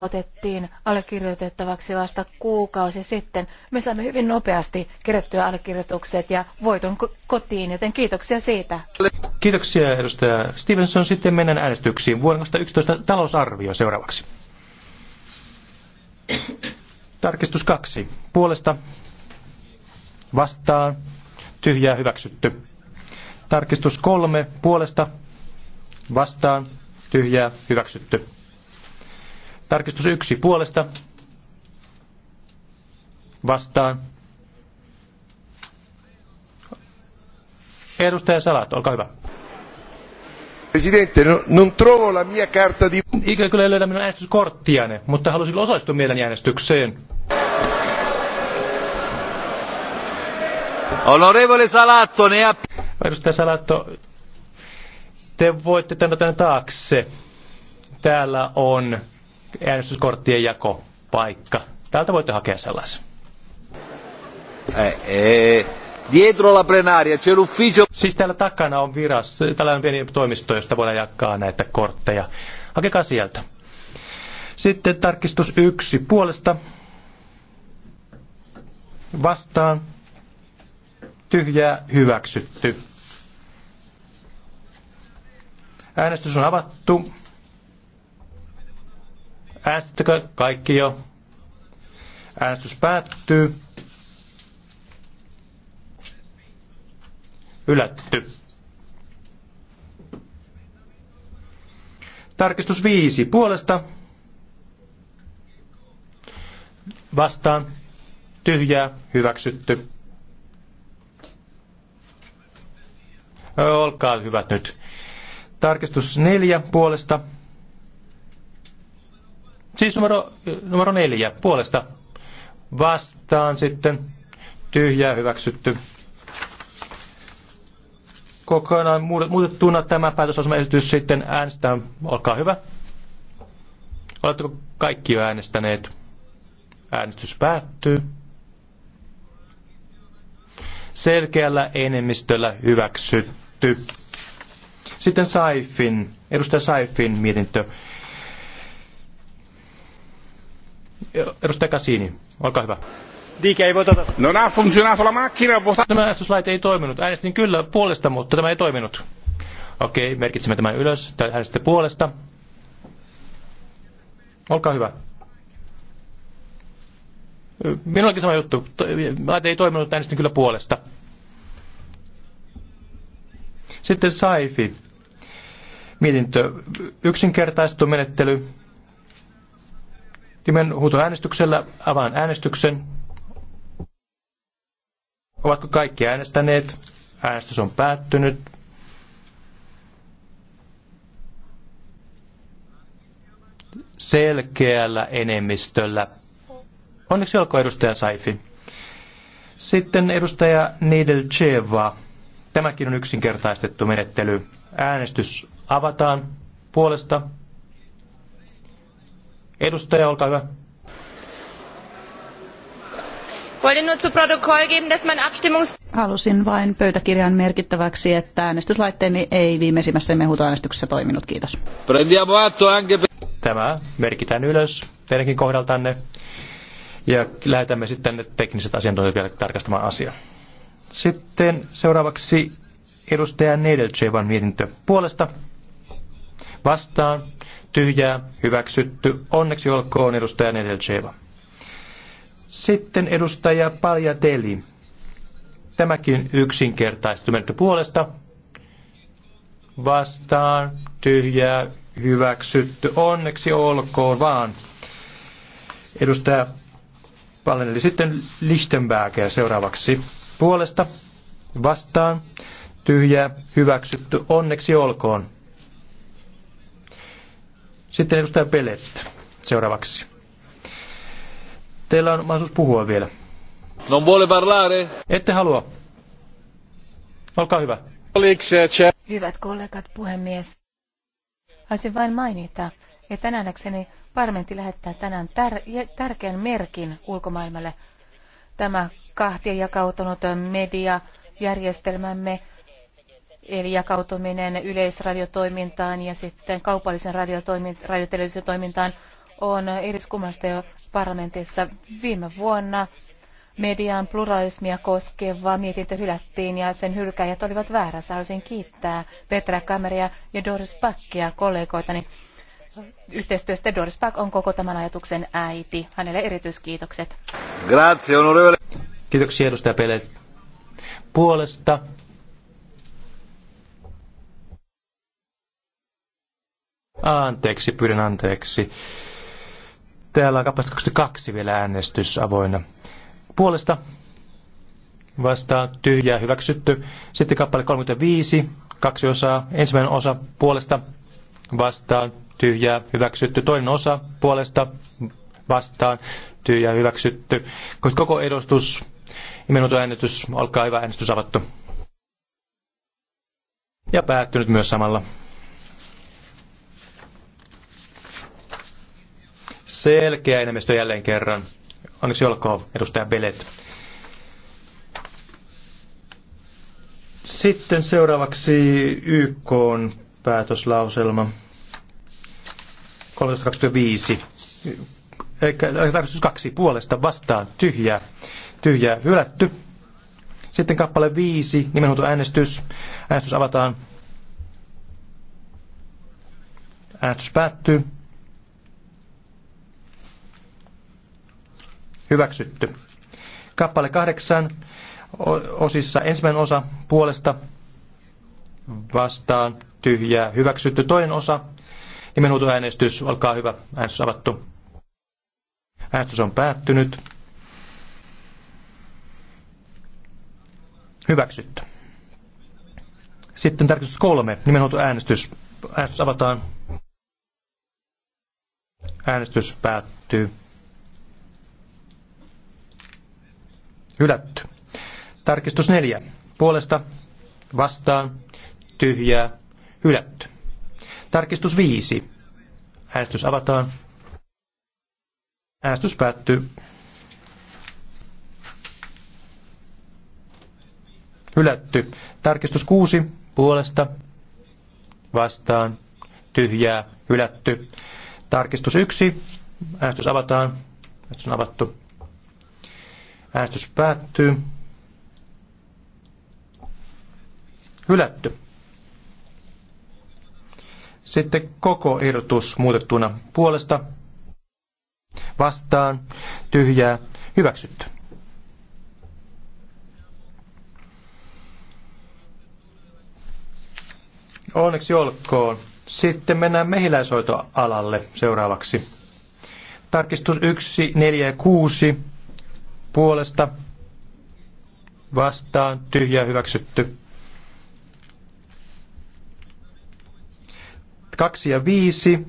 otettiin allekirjoitettavaksi vasta kuukausi sitten. Me saimme hyvin nopeasti kerättyä allekirjoitukset ja voiton kotiin, joten kiitoksia siitä. Kiitoksia edustaja Stevenson. Sitten mennään äänestyksiin. Vuoden 2011 talousarvio seuraavaksi. Tarkistus kaksi. Puolesta vastaan tyhjää hyväksytty. Tarkistus kolme. Puolesta vastaan tyhjää hyväksytty. Tarkistus yksi puolesta. Vastaan. Edustaja Salat, olkaa hyvä. Presidente, no, non trovo la mia carta di... Ikä kyllä ei löydä minun äänestyskorttiani, mutta halusin osallistua mielen äänestykseen. Onorevole Salatto, ne ha... Edustaja Salatto, te voitte tänne taakse. Täällä on äänestyskorttien jakopaikka. Täältä voitte hakea sellaisen. Eh, eh. Dietro la plenaria c'è l'ufficio. Siis täällä takana on viras, tällainen pieni toimisto, josta voidaan jakaa näitä kortteja. Hakekaa sieltä. Sitten tarkistus yksi puolesta. Vastaan. Tyhjää hyväksytty. Äänestys on avattu. Äänestittekö kaikki jo? Äänestys päättyy. Ylätty. Tarkistus viisi puolesta. Vastaan. Tyhjää. Hyväksytty. Olkaa hyvät nyt. Tarkistus neljä puolesta Siis numero, numero neljä puolesta vastaan sitten tyhjää hyväksytty. Kokonaan muutettuna tämä esitys sitten äänestetään. Olkaa hyvä. Oletteko kaikki jo äänestäneet? Äänestys päättyy. Selkeällä enemmistöllä hyväksytty. Sitten Saifin, edustaja Saifin mietintö. Edustaja Cassini, olkaa hyvä. Diike ei votata. No nää funzionato la macchina, vota... Tämä äänestyslaite ei toiminut. Äänestin kyllä puolesta, mutta tämä ei toiminut. Okei, merkitsemme tämän ylös. Äänestitte puolesta. Olkaa hyvä. Minullakin sama juttu. Laite ei toiminut, äänestin kyllä puolesta. Sitten Saifi. Mietintö. Yksinkertaistettu menettely huutoäänestyksellä avaan äänestyksen. Ovatko kaikki äänestäneet? Äänestys on päättynyt. Selkeällä enemmistöllä. Onneksi olkoon edustaja Saifi. Sitten edustaja Nidelcheva. Tämäkin on yksinkertaistettu menettely. Äänestys avataan puolesta Edustaja, olkaa hyvä. Halusin vain pöytäkirjan merkittäväksi, että äänestyslaitteeni ei viimeisimmässä mehutoäänestyksessä toiminut. Kiitos. Tämä merkitään ylös teidänkin kohdaltanne ja lähetämme sitten tekniset asiantuntijat vielä tarkastamaan asiaa. Sitten seuraavaksi edustaja Nedeljevan mietintö puolesta Vastaan tyhjää hyväksytty. Onneksi olkoon edustaja Nedeljeva. Sitten edustaja Palja Teli. Tämäkin yksinkertaistumetty puolesta. Vastaan tyhjää hyväksytty. Onneksi olkoon vaan. Edustaja Pallen, sitten Lichtenbergia seuraavaksi. Puolesta vastaan tyhjää hyväksytty. Onneksi olkoon. Sitten edustaja Pelet seuraavaksi. Teillä on mahdollisuus puhua vielä. Non vuole parlare? Ette halua. Olkaa hyvä. Eh, Hyvät kollegat, puhemies. Haluaisin vain mainita, että tänäänäkseni parlamentti lähettää tänään tär- tärkeän merkin ulkomaailmalle. Tämä kahtia jakautunut mediajärjestelmämme eli jakautuminen yleisradiotoimintaan ja sitten kaupallisen radiotelevisiotoimintaan toimintaan on eriskummallista jo parlamentissa viime vuonna. Median pluralismia koskeva mietintö hylättiin ja sen hylkäjät olivat väärässä. Haluaisin kiittää Petra Kameria ja Doris Packia kollegoitani yhteistyöstä. Doris Pack on koko tämän ajatuksen äiti. Hänelle erityiskiitokset. Grazie, onorevole. Kiitoksia edustaja Pele. Puolesta Anteeksi, pyydän anteeksi. Täällä on kappaleesta 22 vielä äänestys avoinna. Puolesta vastaan tyhjää hyväksytty. Sitten kappale 35, kaksi osaa. Ensimmäinen osa puolesta vastaan tyhjää hyväksytty. Toinen osa puolesta vastaan tyhjää hyväksytty. Koko edustus, minuutin äänestys, olkaa hyvä äänestys avattu. Ja päättynyt myös samalla. Selkeä enemmistö jälleen kerran. Onneksi olkoon, edustaja Belet. Sitten seuraavaksi YK on päätöslauselma 1325. Äh, Tarkastus kaksi puolesta vastaan tyhjää. Tyhjää hylätty. Sitten kappale 5, nimenhuuto äänestys. Äänestys avataan. Äänestys päättyy. Hyväksytty. Kappale kahdeksan osissa ensimmäinen osa puolesta vastaan tyhjää hyväksytty. Toinen osa, nimenhuutoäänestys, olkaa hyvä, äänestys avattu. Äänestys on päättynyt. Hyväksytty. Sitten tarkistus kolme, nimenhuutoäänestys. Äänestys avataan. Äänestys päättyy. Hylätty. Tarkistus neljä. Puolesta, vastaan, tyhjää, hylätty. Tarkistus viisi. Äänestys avataan. Äänestys päättyy. Hylätty. Tarkistus kuusi. Puolesta, vastaan, tyhjää, hylätty. Tarkistus yksi. Äänestys avataan. Äänestys on avattu. Äänestys päättyy. Hylätty. Sitten koko irtus muutettuna puolesta. Vastaan. Tyhjää. Hyväksytty. Onneksi olkoon. Sitten mennään mehiläisoitoalalle seuraavaksi. Tarkistus 1, 4 ja 6 puolesta vastaan tyhjä hyväksytty. Kaksi ja viisi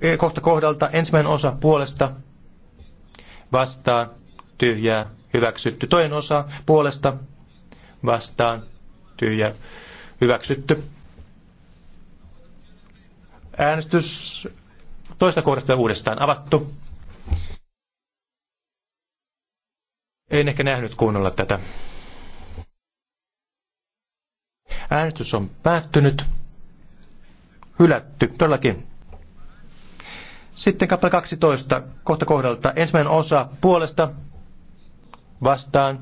e, kohta kohdalta ensimmäinen osa puolesta vastaan tyhjää hyväksytty. Toinen osa puolesta vastaan tyhjä hyväksytty. Äänestys toista kohdasta uudestaan avattu. En ehkä nähnyt kuunnella tätä. Äänestys on päättynyt. Hylätty, todellakin. Sitten kappale 12, kohta kohdalta. Ensimmäinen osa puolesta, vastaan,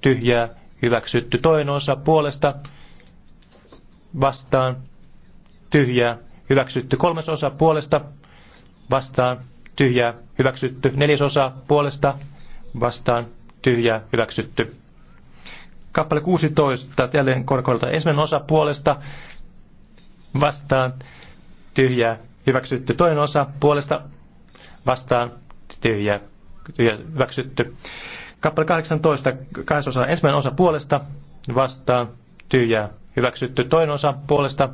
tyhjää, hyväksytty. Toinen osa puolesta, vastaan, tyhjää, hyväksytty. Kolmas osa puolesta, vastaan, tyhjää, hyväksytty. Neljäs osa puolesta, vastaan, tyhjä hyväksytty. Kappale 16, jälleen korkoilta ensimmäinen osa puolesta, vastaan, tyhjä hyväksytty. Toinen osa puolesta, vastaan, tyhjä tyhjä hyväksytty. Kappale 18, osa ensimmäinen osa puolesta, vastaan, tyhjä hyväksytty. Toinen osa puolesta,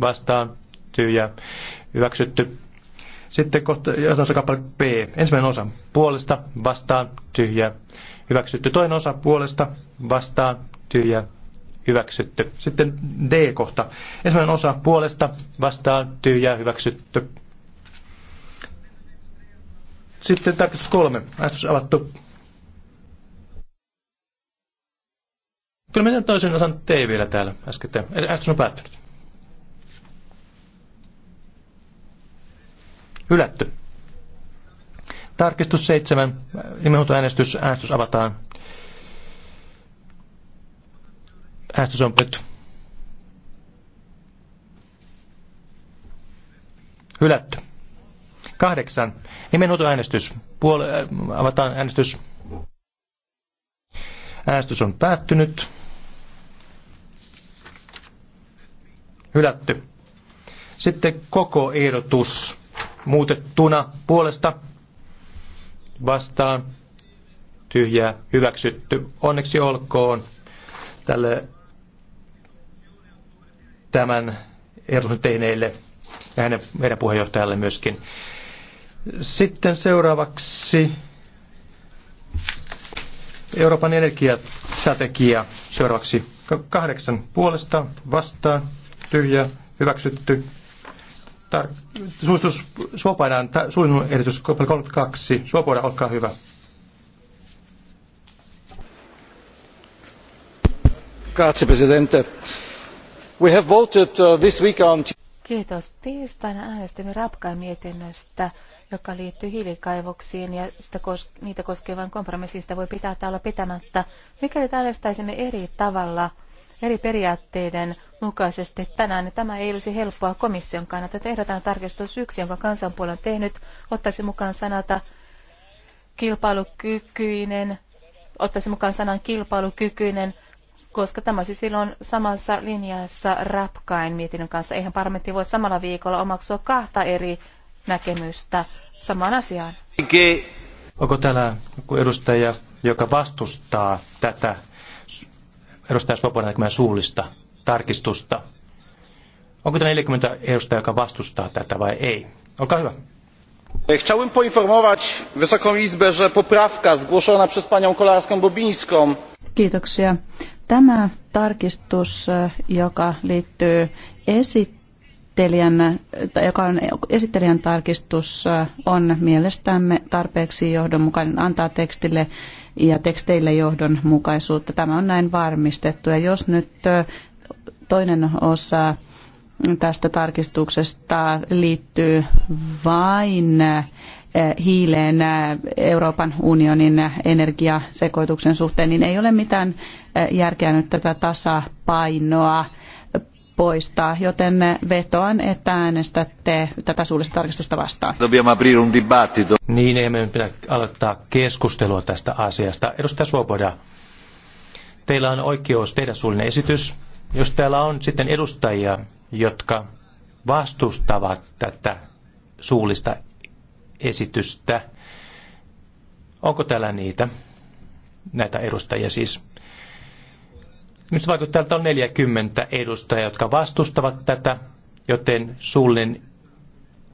vastaan, tyhjä hyväksytty. Sitten kohta, kappale B, ensimmäinen osa, puolesta, vastaan, tyhjä hyväksytty. Toinen osa puolesta vastaan tyhjä, hyväksytty. Sitten D-kohta. Ensimmäinen osa puolesta vastaan tyhjä, hyväksytty. Sitten tarkistus kolme. Äänestys avattu. Kyllä minä toisen osan T vielä täällä äsken. Äänestys on päättynyt. Hylätty. Tarkistus 7. Nimenhuutoäänestys. Äänestys avataan. Äänestys on nyt hylätty. Kahdeksan. äänestys Puol- äh, avataan äänestys. Äänestys on päättynyt. Hylätty. Sitten koko ehdotus muutettuna puolesta vastaan tyhjä, hyväksytty. Onneksi olkoon tälle tämän ehdotuksen tehneille ja hänen, meidän puheenjohtajalle myöskin. Sitten seuraavaksi Euroopan energiastrategia. Seuraavaksi kahdeksan puolesta vastaan tyhjä hyväksytty tar- suositus Svobodan, ta- suunnitelman ehdotus 32. Svoboda, olkaa hyvä. Grazie, Presidente. We have voted uh, this week on... Kiitos. Tiistaina äänestimme rapkaa mietinnöstä, joka liittyy hiilikaivoksiin ja sitä kos- niitä koskevan kompromissista voi pitää täällä pitämättä. Mikäli äänestäisimme eri tavalla, eri periaatteiden mukaisesti tänään. Tämä ei olisi helppoa komission kannalta. Ehdotan tarkistus yksi, jonka kansanpuolue on tehnyt, ottaisi mukaan sanata kilpailukykyinen, ottaisi mukaan sanan kilpailukykyinen, koska tämä olisi silloin samassa linjassa rapkain mietinnön kanssa. Eihän parlamentti voi samalla viikolla omaksua kahta eri näkemystä samaan asiaan. Onko täällä joku edustaja, joka vastustaa tätä edustaja Svobodan suullista tarkistusta. Onko tämä 40 edustajaa, joka vastustaa tätä vai ei? Olkaa hyvä. E, chciałbym poinformować Wysoką Izbę, że poprawka zgłoszona przez panią Kolarską-Bobińską. Kiitoksia. Tämä tarkistus, e, joka liittyy esittelijän, joka on esittelijän tarkistus, e, on mielestämme tarpeeksi johdonmukainen antaa tekstille ja teksteille johdonmukaisuutta. Tämä on näin varmistettu. Ja jos nyt Toinen osa tästä tarkistuksesta liittyy vain eh, hiileen eh, Euroopan unionin energiasekoituksen suhteen, niin ei ole mitään eh, järkeä nyt tätä tasapainoa poistaa, joten vetoan, että äänestätte tätä suullista tarkistusta vastaan. Niin, ei meidän pidä aloittaa keskustelua tästä asiasta. Edustaja Suopoda, teillä on oikeus tehdä suullinen esitys jos täällä on sitten edustajia, jotka vastustavat tätä suullista esitystä, onko täällä niitä, näitä edustajia siis? Nyt vaikuttaa, että on 40 edustajaa, jotka vastustavat tätä, joten suullinen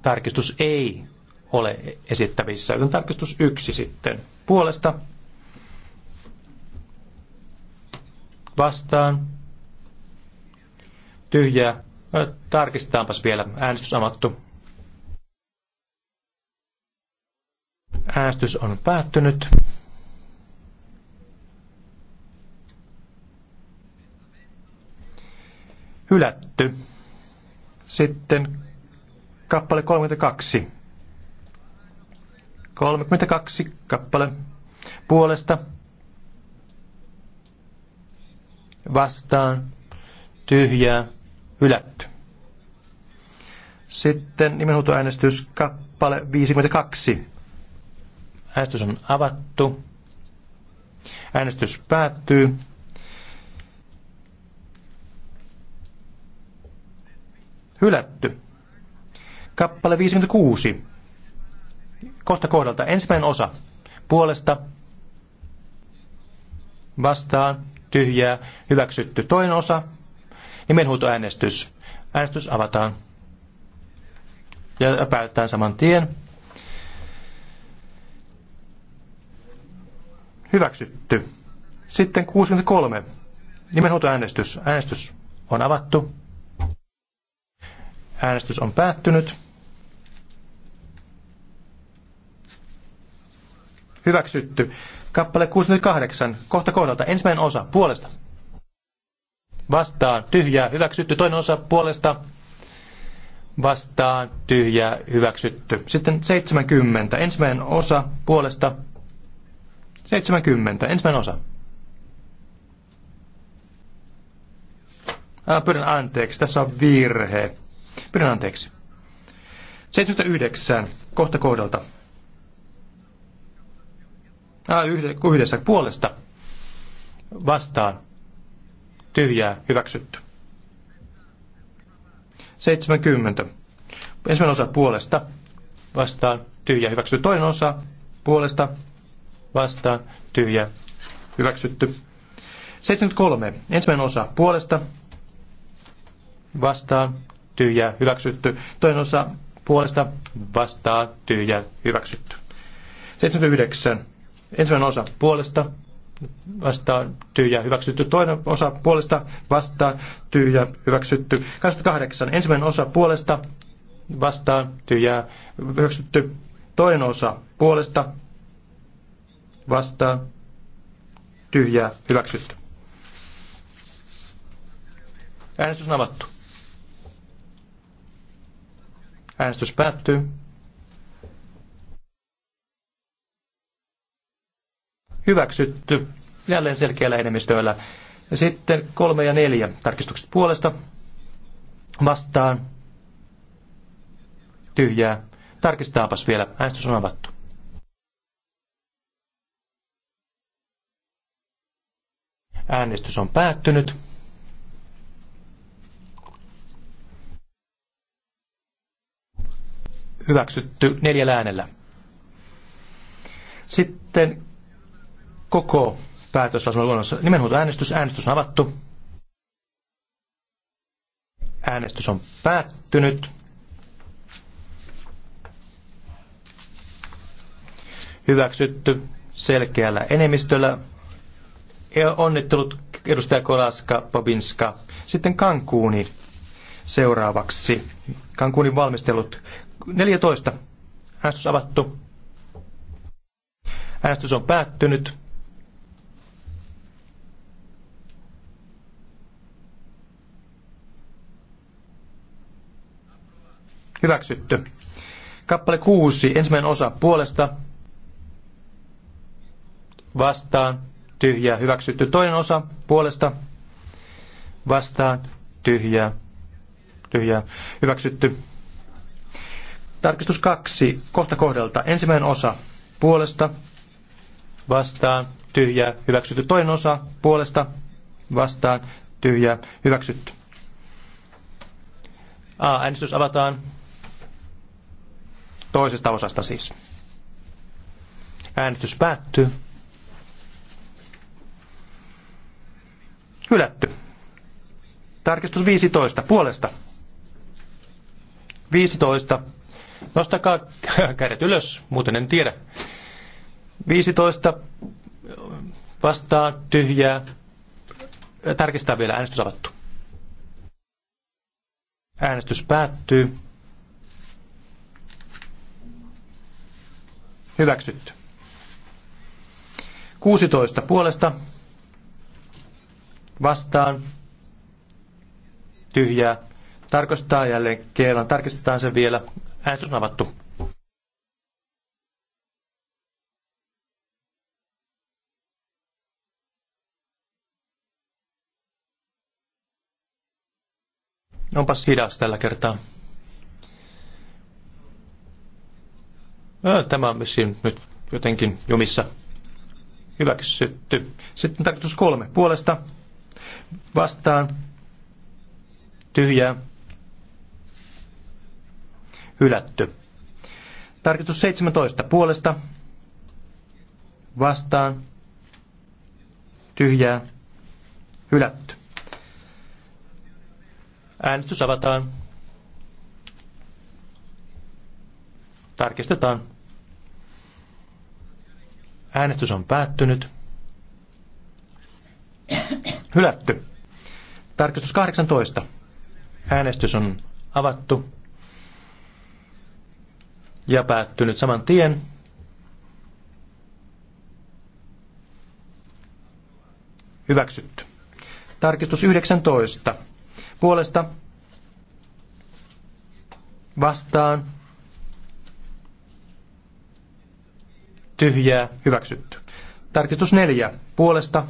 tarkistus ei ole esittävissä. Joten tarkistus yksi sitten puolesta vastaan tyhjää. Tarkistetaanpas vielä. Äänestys avattu. Äänestys on päättynyt. Hylätty. Sitten kappale 32. 32 kappale puolesta vastaan tyhjää hylätty. Sitten nimenhuutoäänestys kappale 52. Äänestys on avattu. Äänestys päättyy. Hylätty. Kappale 56. Kohta kohdalta. Ensimmäinen osa. Puolesta. Vastaan. Tyhjää. Hyväksytty. Toinen osa. Nimenhuutoäänestys. Äänestys avataan. Ja päätetään saman tien. Hyväksytty. Sitten 63. Nimenhuutoäänestys. Äänestys on avattu. Äänestys on päättynyt. Hyväksytty. Kappale 68. Kohta kohdalta. Ensimmäinen osa. Puolesta vastaan tyhjää hyväksytty, toinen osa puolesta vastaan tyhjää hyväksytty. Sitten 70, ensimmäinen osa puolesta 70, ensimmäinen osa. Ah, pyydän anteeksi, tässä on virhe. Pyydän anteeksi. 79, kohta kohdalta. Ah, yhdessä puolesta vastaan tyhjää, hyväksytty. 70. Ensimmäinen osa puolesta, vastaan, tyhjää, hyväksytty. Toinen osa puolesta, vastaan, tyhjää, hyväksytty. 73. Ensimmäinen osa puolesta, vastaan, tyhjää, hyväksytty. Toinen osa puolesta, vastaan, tyhjää, hyväksytty. 79. Ensimmäinen osa puolesta, vastaan tyhjä hyväksytty. Toinen osa puolesta vastaan tyhjä hyväksytty. 28. Ensimmäinen osa puolesta vastaan tyhjä hyväksytty. Toinen osa puolesta vastaan tyhjä hyväksytty. Äänestys on avattu. Äänestys päättyy. Hyväksytty. Jälleen selkeällä enemmistöllä. Sitten kolme ja neljä tarkistukset puolesta. Vastaan. Tyhjää. Tarkistetaanpas vielä. Äänestys on avattu. Äänestys on päättynyt. Hyväksytty neljällä äänellä. Sitten koko päätöslauselman luonnossa. äänestys, Äänestys on avattu. Äänestys on päättynyt. Hyväksytty selkeällä enemmistöllä. Onnittelut edustaja Kolaska, Pobinska. Sitten Kankuuni seuraavaksi. Kankuunin valmistelut 14. Äänestys avattu. Äänestys on päättynyt. Hyväksytty. Kappale 6, ensimmäinen osa puolesta. Vastaan, tyhjää. Hyväksytty. Toinen osa puolesta. Vastaan, tyhjää. Tyhjää. Hyväksytty. Tarkistus kaksi, kohta kohdalta. Ensimmäinen osa puolesta, vastaan, tyhjää, hyväksytty. Toinen osa puolesta, vastaan, tyhjää, hyväksytty. A, äänestys avataan. Toisesta osasta siis. Äänestys päättyy. Hylätty. Tarkistus 15. Puolesta. 15. Nostakaa kädet ylös, muuten en tiedä. 15 vastaan tyhjää. Tarkistaa vielä äänestys avattu. Äänestys päättyy. Hyväksytty. 16 puolesta. Vastaan. Tyhjää. Tarkoittaa jälleen kerran. Tarkistetaan sen vielä. Äänestys on avattu. Onpas hidas tällä kertaa. No, tämä on myöskin nyt jotenkin jumissa hyväksytty. Sitten tarkoitus kolme puolesta vastaan tyhjää hylätty. Tarkoitus 17 puolesta vastaan tyhjää hylätty. Äänestys avataan. Tarkistetaan. Äänestys on päättynyt. Hylätty. Tarkistus 18. Äänestys on avattu ja päättynyt saman tien. Hyväksytty. Tarkistus 19. Puolesta vastaan tyhjää, hyväksytty. Tarkistus neljä, puolesta.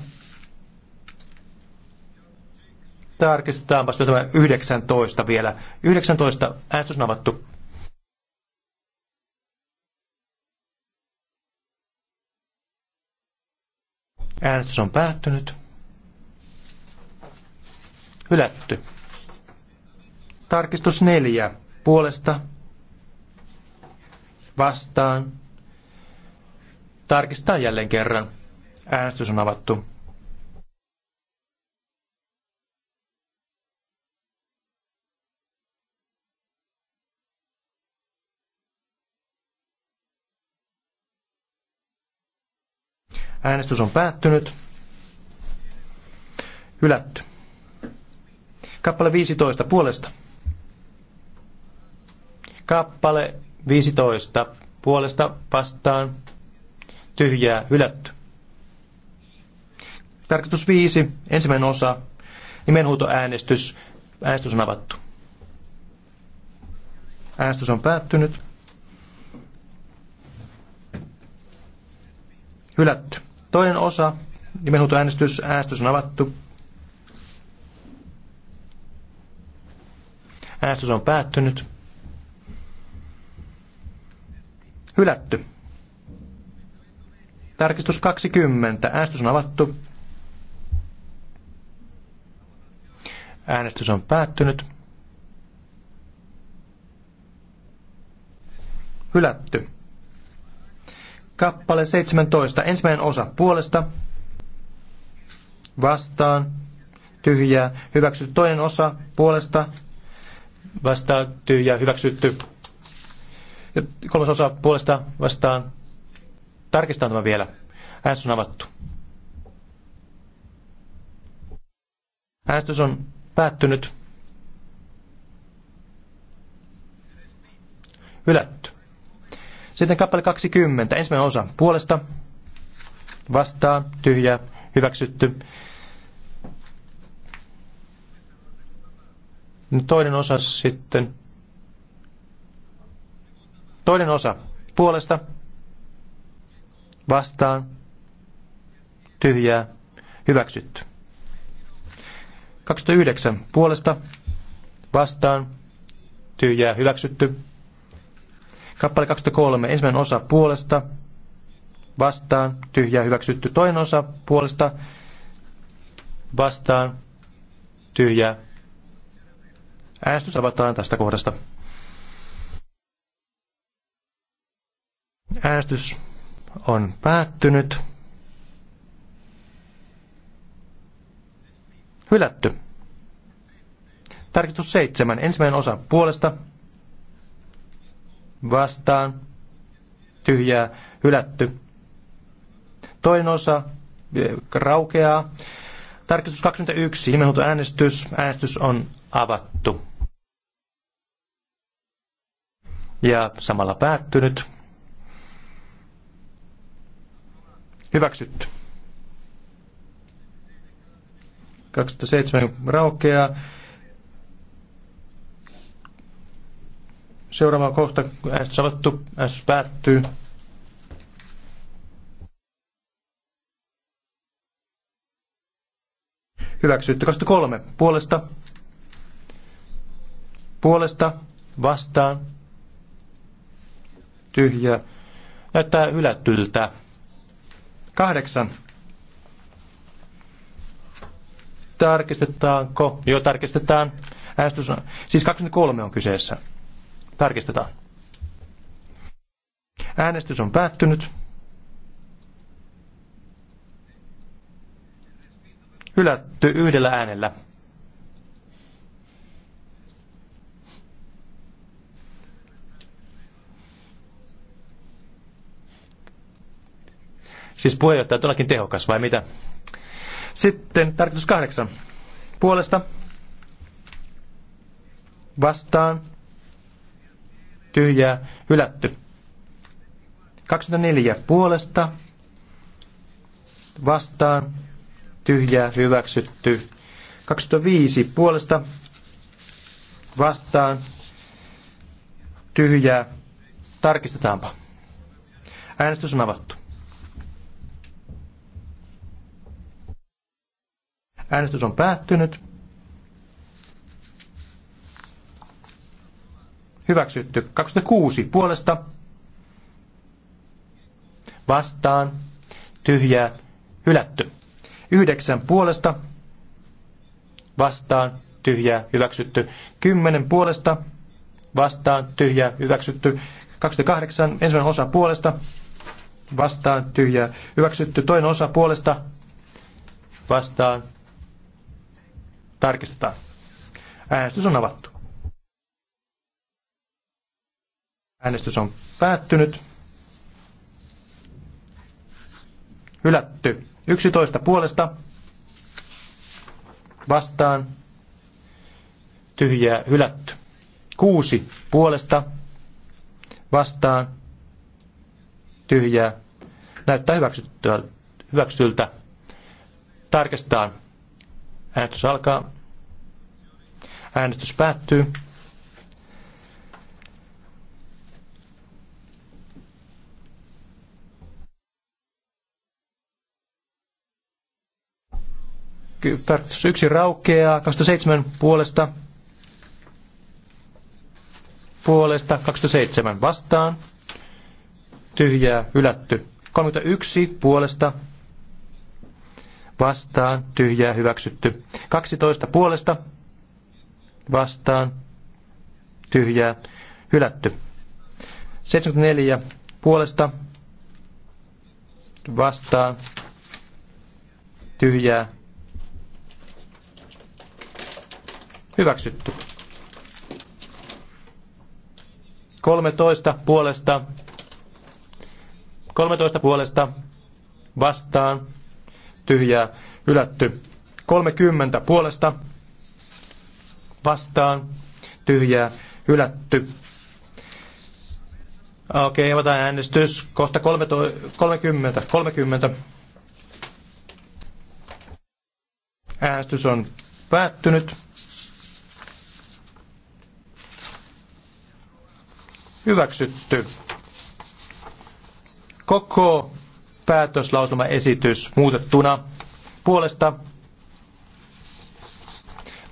Tarkistetaanpa tämä 19 vielä. 19 äänestys on avattu. Äänestys on päättynyt. Hylätty. Tarkistus neljä. Puolesta. Vastaan Tarkistetaan jälleen kerran. Äänestys on avattu. Äänestys on päättynyt. Hylätty. Kappale 15 puolesta. Kappale 15 puolesta vastaan tyhjää hylätty. Tarkoitus 5, ensimmäinen osa, nimenhuutoäänestys. Äänestys on avattu. Äänestys on päättynyt. Hylätty. Toinen osa, nimenhuutoäänestys. Äänestys on avattu. Äänestys on päättynyt. Hylätty. Tarkistus 20. Äänestys on avattu. Äänestys on päättynyt. Hylätty. Kappale 17. Ensimmäinen osa puolesta. Vastaan. Tyhjää. Hyväksytty toinen osa puolesta. Vastaan. Tyhjää. Hyväksytty. Ja kolmas osa puolesta vastaan Tarkistan tämä vielä. Äänestys on avattu. Äänestys on päättynyt. Hylätty. Sitten kappale 20, ensimmäinen osa. Puolesta, vastaan, tyhjä, hyväksytty. toinen osa sitten. Toinen osa. Puolesta, vastaan, tyhjää, hyväksytty. 29 puolesta, vastaan, tyhjää, hyväksytty. Kappale 23, ensimmäinen osa puolesta, vastaan, tyhjää, hyväksytty. Toinen osa puolesta, vastaan, tyhjää. Äänestys avataan tästä kohdasta. Äänestys on päättynyt. Hylätty. Tarkistus seitsemän. Ensimmäinen osa puolesta. Vastaan. Tyhjää. Hylätty. Toinen osa eh, raukeaa. Tarkistus 21. Nimenhuuto äänestys. Äänestys on avattu. Ja samalla päättynyt. Hyväksytty. 2007 raukeaa. Seuraava kohta, äänestys salattu, äänestys päättyy. Hyväksytty. 23. Puolesta. Puolesta. Vastaan. Tyhjä. Näyttää hylättyltä. Kahdeksan. Tarkistetaanko? Joo, tarkistetaan. Äänestys on, siis 23 on kyseessä. Tarkistetaan. Äänestys on päättynyt. Hylätty yhdellä äänellä. Siis puheenjohtaja todellakin tehokas, vai mitä? Sitten tarkoitus kahdeksan. Puolesta. Vastaan. Tyhjää. Hylätty. 24 puolesta. Vastaan. Tyhjää. Hyväksytty. 25 puolesta. Vastaan. Tyhjää. Tarkistetaanpa. Äänestys on avattu. Äänestys on päättynyt. Hyväksytty. 26 puolesta. Vastaan. Tyhjää. Hylätty. 9 puolesta. Vastaan. Tyhjää. Hyväksytty. 10 puolesta. Vastaan. Tyhjää. Hyväksytty. 28. Ensimmäinen osa puolesta. Vastaan. Tyhjää. Hyväksytty. Toinen osa puolesta. Vastaan Tarkistetaan. Äänestys on avattu. Äänestys on päättynyt. Hylätty. 11 puolesta. Vastaan. Tyhjää hylätty. 6 puolesta. Vastaan. Tyhjää. Näyttää hyväksytyltä. Tarkistetaan. Äänestys alkaa. Äänestys päättyy. Tarkoitus yksi raukeaa 27 puolesta. Puolesta 27 vastaan. Tyhjää hylätty. 31 puolesta vastaan, tyhjää hyväksytty. 12 puolesta vastaan, tyhjää hylätty. 74 puolesta vastaan, tyhjää hyväksytty. 13 puolesta 13 puolesta vastaan tyhjää hylätty. 30 puolesta vastaan tyhjää hylätty. Okei, okay, otetaan äänestys. Kohta 30. 30. Äänestys on päättynyt. Hyväksytty. Koko päätöslauselmaesitys muutettuna puolesta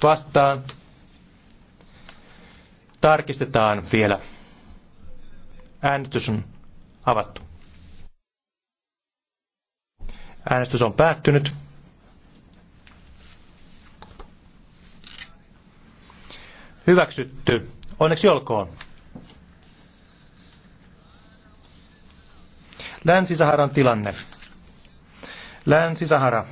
vastaan. Tarkistetaan vielä. Äänestys on avattu. Äänestys on päättynyt. Hyväksytty. Onneksi olkoon. Länsi-Saharan tilanne. Länsi-Sahara.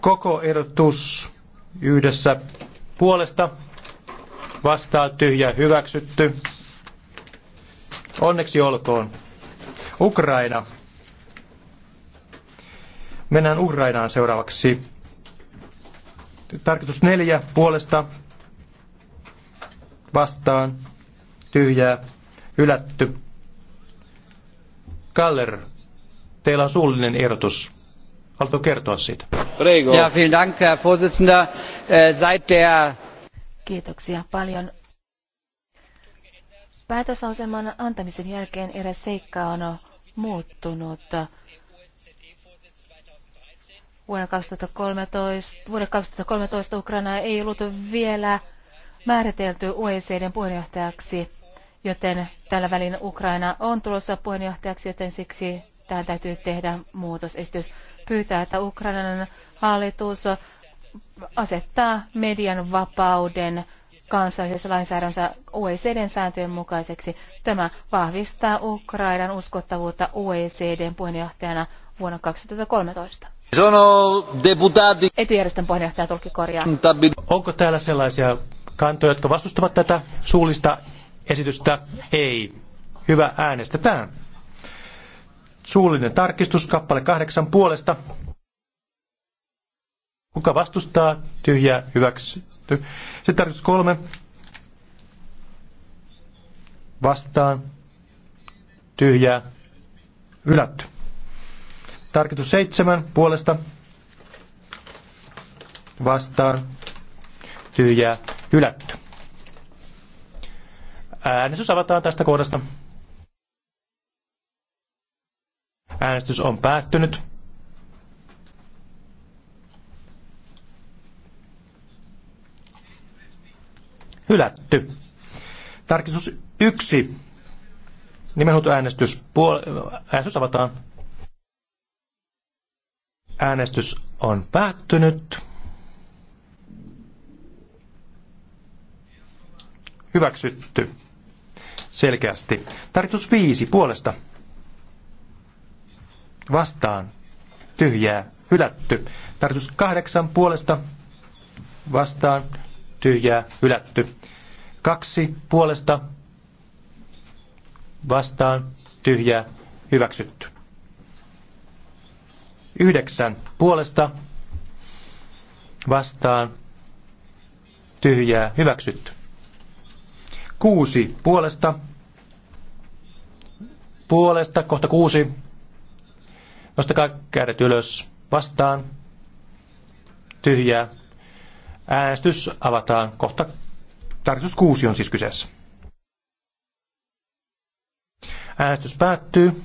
Koko ehdotus yhdessä puolesta vastaa tyhjä hyväksytty. Onneksi olkoon. Ukraina. Mennään Ukrainaan seuraavaksi. Tarkoitus neljä puolesta vastaan tyhjää, hylätty. Kaller, teillä on suullinen erotus. Haluatko kertoa siitä? Prego. Ja, vielen Dank, Herr Vorsitzender. Äh, seit der... Kiitoksia paljon. Päätösaseman antamisen jälkeen eräs seikka on muuttunut. Vuonna 2013, vuonna 2013 Ukraina ei ollut vielä määritelty OECDn puheenjohtajaksi joten tällä välin Ukraina on tulossa puheenjohtajaksi, joten siksi tähän täytyy tehdä muutosesitys. Pyytää, että Ukrainan hallitus asettaa median vapauden kansallisessa lainsäädännössä OECDn sääntöjen mukaiseksi. Tämä vahvistaa Ukrainan uskottavuutta OECDn puheenjohtajana vuonna 2013. Sono deputati. Etujärjestön puheenjohtaja tulkki korjaa. Onko täällä sellaisia kantoja, jotka vastustavat tätä suullista esitystä ei. Hyvä, äänestetään. Suullinen tarkistus, kappale kahdeksan puolesta. Kuka vastustaa? Tyhjä, hyväksytty. Sitten tarkistus kolme. Vastaan. Tyhjä, hylätty. Tarkistus seitsemän puolesta. Vastaan. Tyhjä, hylätty. Äänestys avataan tästä kohdasta. Äänestys on päättynyt. Hylätty. Tarkistus yksi. Nimenhuutoäänestys. Puol- äänestys avataan. Äänestys on päättynyt. Hyväksytty selkeästi. Tarkoitus viisi puolesta. Vastaan. Tyhjää. Hylätty. Tarkoitus kahdeksan puolesta. Vastaan. Tyhjää. Hylätty. Kaksi puolesta. Vastaan. Tyhjää. Hyväksytty. Yhdeksän puolesta. Vastaan. Tyhjää. Hyväksytty. Kuusi puolesta puolesta, kohta kuusi. Nostakaa kädet ylös vastaan. Tyhjää. Äänestys avataan kohta. Tarkistus kuusi on siis kyseessä. Äänestys päättyy.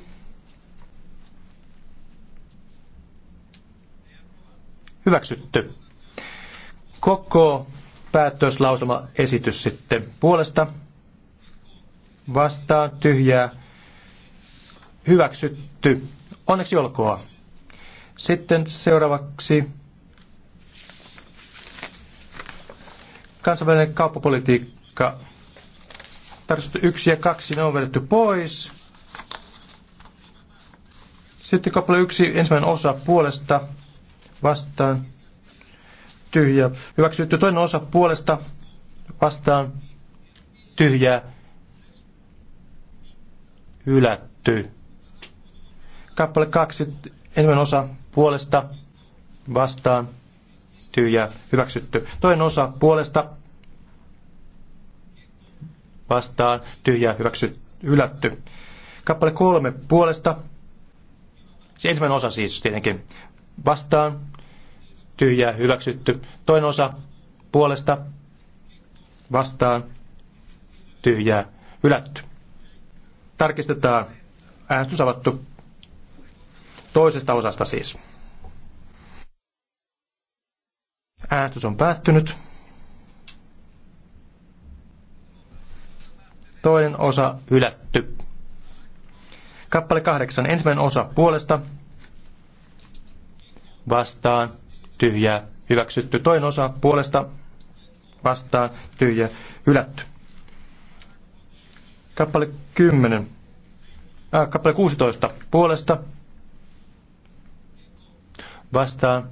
Hyväksytty. Koko päätöslauselma esitys sitten puolesta vastaan tyhjää hyväksytty. Onneksi olkoon. Sitten seuraavaksi kansainvälinen kauppapolitiikka. Tarkastettu yksi ja kaksi, ne on vedetty pois. Sitten kappale yksi, ensimmäinen osa puolesta vastaan. Tyhjä. Hyväksytty toinen osa puolesta vastaan. tyhjä Hylätty. Kappale kaksi, enemmän osa puolesta vastaan tyhjää hyväksytty. Toinen osa puolesta vastaan tyhjä, hyväksytty, hylätty. Kappale kolme puolesta, se ensimmäinen osa siis tietenkin, vastaan tyhjä, hyväksytty. Toinen osa puolesta vastaan tyhjä, hylätty. Tarkistetaan. Äänestys avattu. Toisesta osasta siis. Äänestys on päättynyt. Toinen osa hylätty. Kappale kahdeksan. Ensimmäinen osa puolesta. Vastaan. Tyhjää. Hyväksytty. Toinen osa puolesta. Vastaan. Tyhjää. Hylätty. Kappale 10. Äh, kappale 16. Puolesta vastaan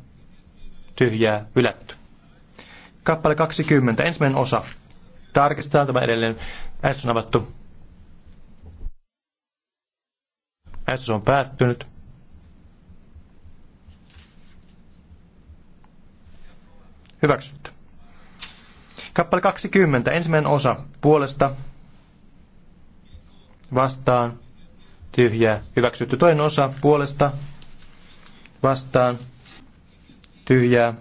tyhjää hylätty. Kappale 20, ensimmäinen osa. Tarkistetaan tämä edelleen. Äänestys on avattu. Äänestys on päättynyt. Hyväksytty. Kappale 20, ensimmäinen osa. Puolesta, vastaan, tyhjää. Hyväksytty toinen osa. Puolesta, vastaan, tyhjää.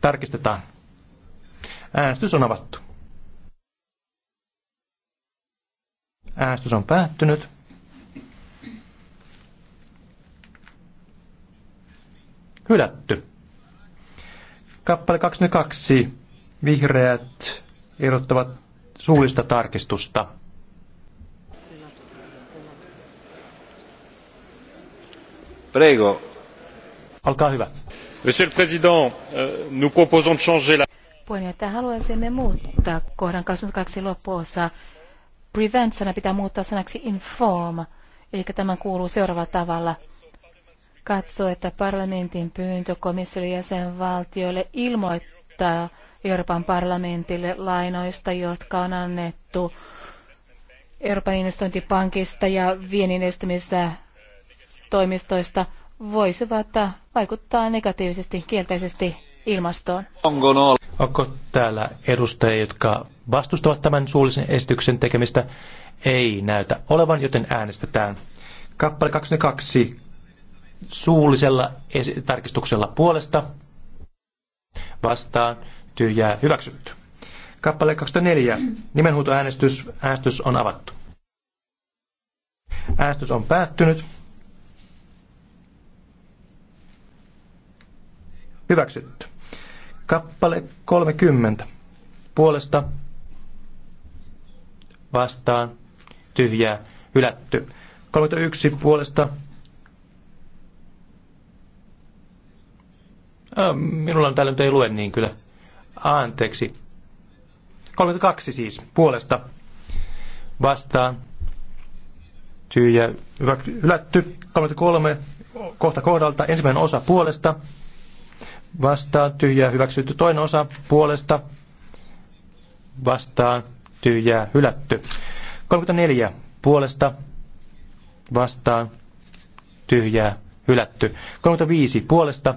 Tarkistetaan. Äänestys on avattu. Äänestys on päättynyt. Hylätty. Kappale 22. Vihreät irrottavat suullista tarkistusta. Prego, Olkaa Monsieur le Président, euh, nous proposons de changer la... Puheenjohtaja, haluaisimme muuttaa kohdan 22 loppuosa. Prevent-sana pitää muuttaa sanaksi inform, eli tämän kuuluu seuraavalla tavalla Katso, että parlamentin pyyntö komission jäsenvaltioille ilmoittaa Euroopan parlamentille lainoista, jotka on annettu Euroopan investointipankista ja viennin estämistä toimistoista voisivat vaikuttaa negatiivisesti, kielteisesti ilmastoon. Onko, Onko täällä edustajia, jotka vastustavat tämän suullisen esityksen tekemistä? Ei näytä olevan, joten äänestetään. Kappale 22 suullisella tarkistuksella puolesta vastaan tyhjää hyväksytty. Kappale 24. Nimenhuutoäänestys äänestys on avattu. Äänestys on päättynyt. Hyväksytty. Kappale 30. Puolesta vastaan tyhjää hylätty. 31 puolesta Minulla on täällä nyt ei lue niin kyllä. Anteeksi. 32 siis puolesta vastaan. tyhjä hylätty. 33 kohta kohdalta ensimmäinen osa puolesta vastaan tyhjää hyväksytty. Toinen osa puolesta vastaan tyhjää hylätty. 34 puolesta vastaan tyhjää hylätty. 35 puolesta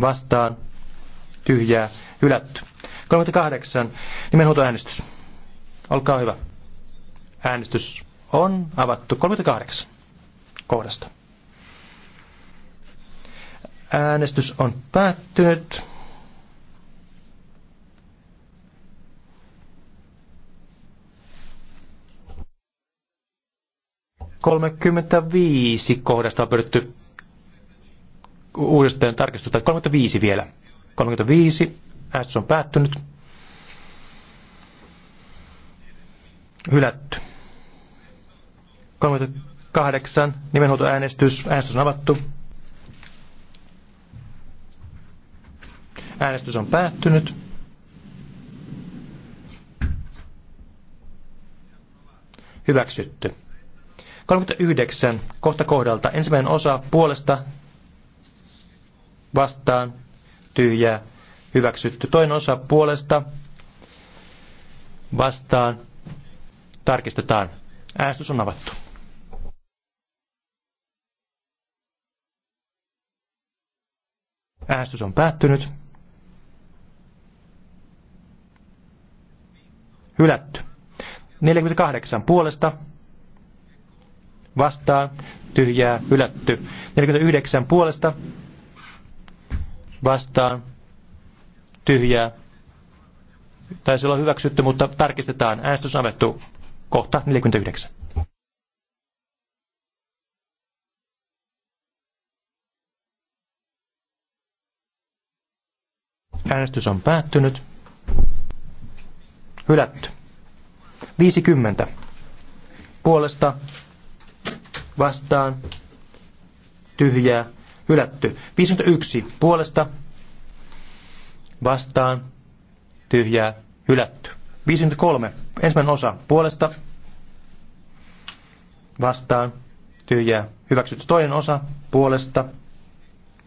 vastaan tyhjää hylätty. 38 nimenhuutoäänestys. Olkaa hyvä. Äänestys on avattu 38 kohdasta. Äänestys on päättynyt. viisi kohdasta on pyritty uudestaan tarkistusta. 35 vielä. 35. Äänestys on päättynyt. Hylätty. 38. Nimenhuoltoäänestys. Äänestys on avattu. Äänestys on päättynyt. Hyväksytty. 39. Kohta kohdalta. Ensimmäinen osa puolesta vastaan tyhjää hyväksytty. Toinen osa puolesta vastaan tarkistetaan. Äänestys on avattu. Äänestys on päättynyt. hylätty. 48 puolesta vastaa tyhjää hylätty. 49 puolesta vastaan tyhjää. Taisi olla hyväksytty, mutta tarkistetaan. Äänestys on avettu kohta 49. Äänestys on päättynyt hylätty. 50 puolesta vastaan tyhjää hylätty. 51 puolesta vastaan tyhjää hylätty. 53 ensimmäinen osa puolesta vastaan tyhjää hyväksytty. Toinen osa puolesta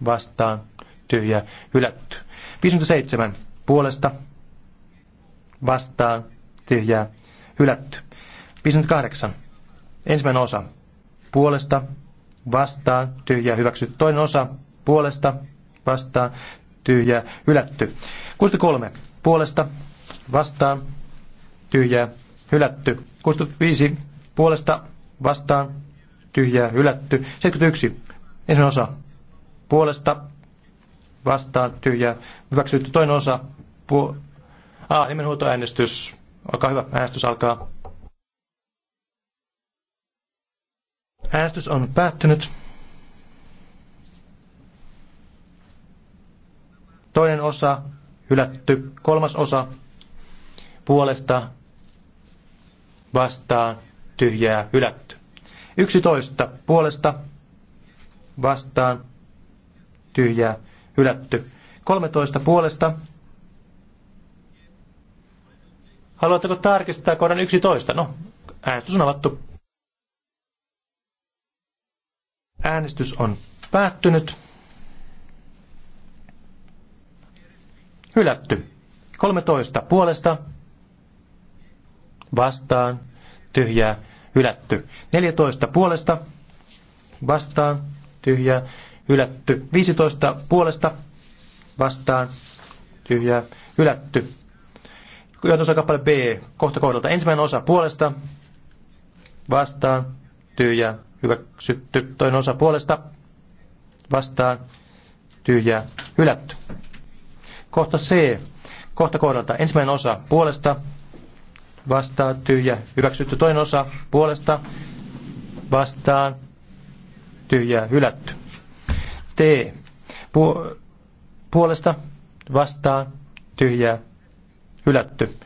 vastaan tyhjää hylätty. 57 puolesta vastaa, tyhjää, hylätty. 58. Ensimmäinen osa. Puolesta, vastaa tyhjää, hyväksytty. Toinen osa. Puolesta, vastaa, tyhjää, hylätty. 63. Puolesta, vastaa, tyhjää, hylätty. 65. Puolesta, vastaan, tyhjää, hylätty. 71. Ensimmäinen osa. Puolesta, vastaan, tyhjää, hyväksytty. Toinen osa. Puolesta, A, ah, nimenhuutoäänestys. Olkaa hyvä, äänestys alkaa. Äänestys on päättynyt. Toinen osa, hylätty. Kolmas osa, puolesta, vastaan, tyhjää, hylätty. Yksitoista puolesta vastaan tyhjää hylätty. 13 puolesta Haluatteko tarkistaa kohdan 11? No, äänestys on avattu. Äänestys on päättynyt. Hylätty. 13 puolesta. Vastaan. Tyhjää. Hylätty. 14 puolesta. Vastaan. Tyhjää. Hylätty. 15 puolesta. Vastaan. Tyhjää. Hylätty kappale B kohta kohdalta. Ensimmäinen osa puolesta, vastaan, tyhjä, hyväksytty. Toinen osa puolesta, vastaan, tyhjä, hylätty. Kohta C. Kohta kohdalta. Ensimmäinen osa puolesta, vastaan, tyhjä, hyväksytty. Toinen osa puolesta, vastaan, tyhjä, hylätty. T. Pu- puolesta, vastaan, tyhjä, hylätty.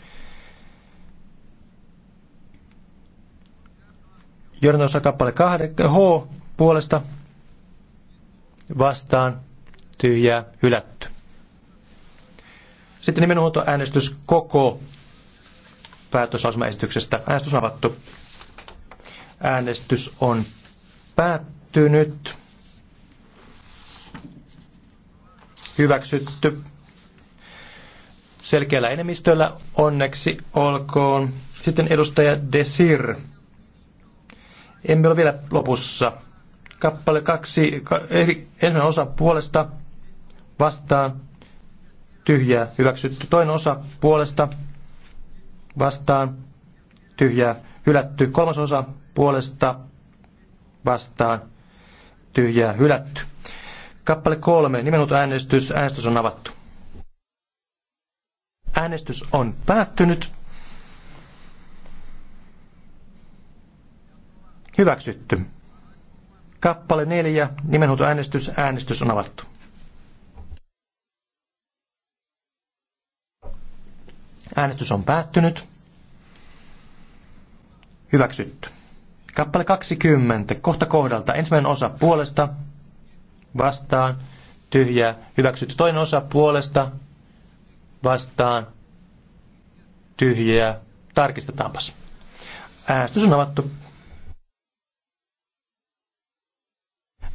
Johdannossa kappale H puolesta vastaan tyhjää hylätty. Sitten nimenhuoltoäänestys koko päätösasemaesityksestä. Äänestys on avattu. Äänestys on päättynyt. Hyväksytty selkeällä enemmistöllä, onneksi olkoon. Sitten edustaja Desir. Emme ole vielä lopussa. Kappale kaksi, ensimmäinen osa puolesta vastaan, tyhjää, hyväksytty. Toinen osa puolesta vastaan, tyhjää, hylätty. Kolmas osa puolesta vastaan, tyhjää, hylätty. Kappale kolme, nimenut äänestys, äänestys on avattu. Äänestys on päättynyt. Hyväksytty. Kappale 4, nimenhuutoäänestys, äänestys on avattu. Äänestys on päättynyt. Hyväksytty. Kappale 20, kohta kohdalta, ensimmäinen osa puolesta, vastaan, tyhjää, hyväksytty. Toinen osa puolesta, vastaan tyhjiä. Tarkistetaanpas. Äänestys on avattu.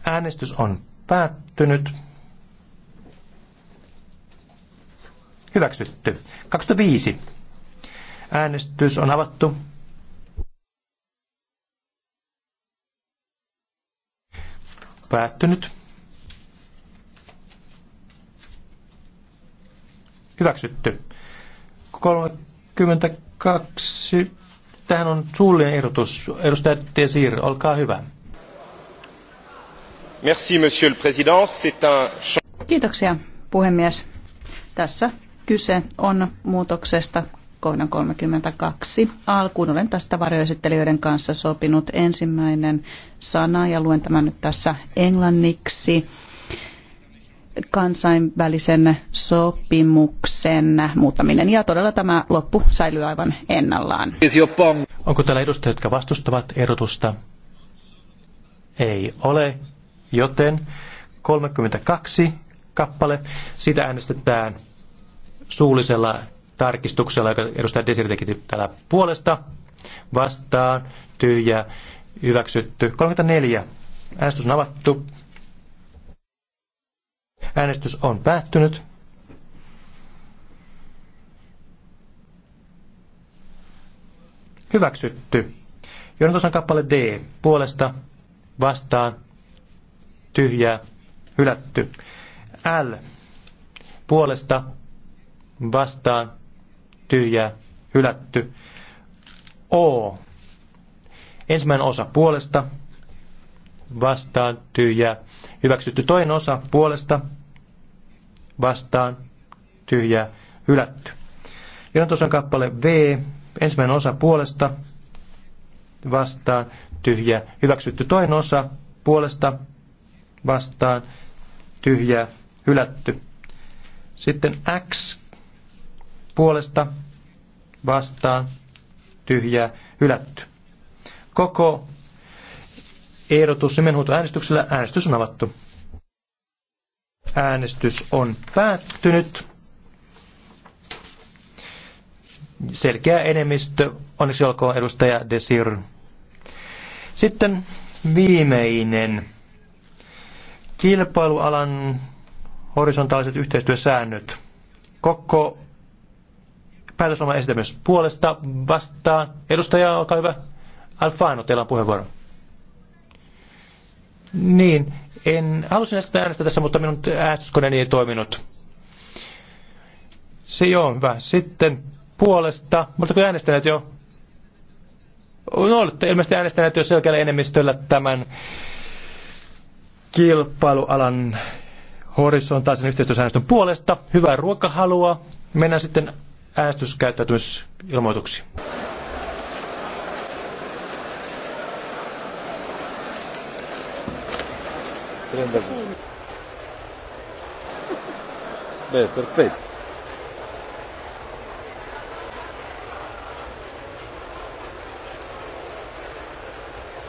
Äänestys on päättynyt. Hyväksytty. 25. Äänestys on avattu. Päättynyt. hyväksytty. 32. Tähän on suullinen ehdotus. Edustaja Tesir, olkaa hyvä. Merci, monsieur le président. C'est un... Kiitoksia, puhemies. Tässä kyse on muutoksesta kohdan 32 alkuun. Olen tästä varjoesittelijöiden kanssa sopinut ensimmäinen sana ja luen tämän nyt tässä englanniksi kansainvälisen sopimuksen muuttaminen. Ja todella tämä loppu säilyy aivan ennallaan. Onko täällä edustajia, jotka vastustavat erotusta? Ei ole, joten 32 kappale. Sitä äänestetään suullisella tarkistuksella, joka edustaja Desir teki täällä puolesta. Vastaan, tyhjä, hyväksytty. 34. Äänestys on avattu. Äänestys on päättynyt. Hyväksytty. Jonotusan kappale D. Puolesta, vastaan, tyhjää, hylätty. L. Puolesta, vastaan, tyhjää, hylätty. O. Ensimmäinen osa puolesta, vastaan tyhjää. Hyväksytty toinen osa puolesta vastaan tyhjää hylätty. Johdantosan kappale V, ensimmäinen osa puolesta vastaan tyhjää. Hyväksytty toinen osa puolesta vastaan tyhjää hylätty. Sitten X puolesta vastaan tyhjää hylätty. Koko ehdotus äänestyksellä Äänestys on avattu. Äänestys on päättynyt. Selkeä enemmistö. Onneksi olkoon edustaja Desir. Sitten viimeinen. Kilpailualan horisontaaliset yhteistyösäännöt. Kokko päätösloma esitämys puolesta vastaan. Edustaja, olkaa hyvä. Alfano, teillä on puheenvuoro. Niin, en halusin äsken äänestää tässä, mutta minun äänestyskoneeni ei toiminut. Se joo, on hyvä. Sitten puolesta, mutta kun äänestäneet jo? No, olette ilmeisesti äänestäneet jo selkeällä enemmistöllä tämän kilpailualan horisontaalisen yhteistyösäännöstön puolesta. Hyvää ruokahalua. Mennään sitten äänestyskäyttäytymisilmoituksiin. 30. Beh, perfetto.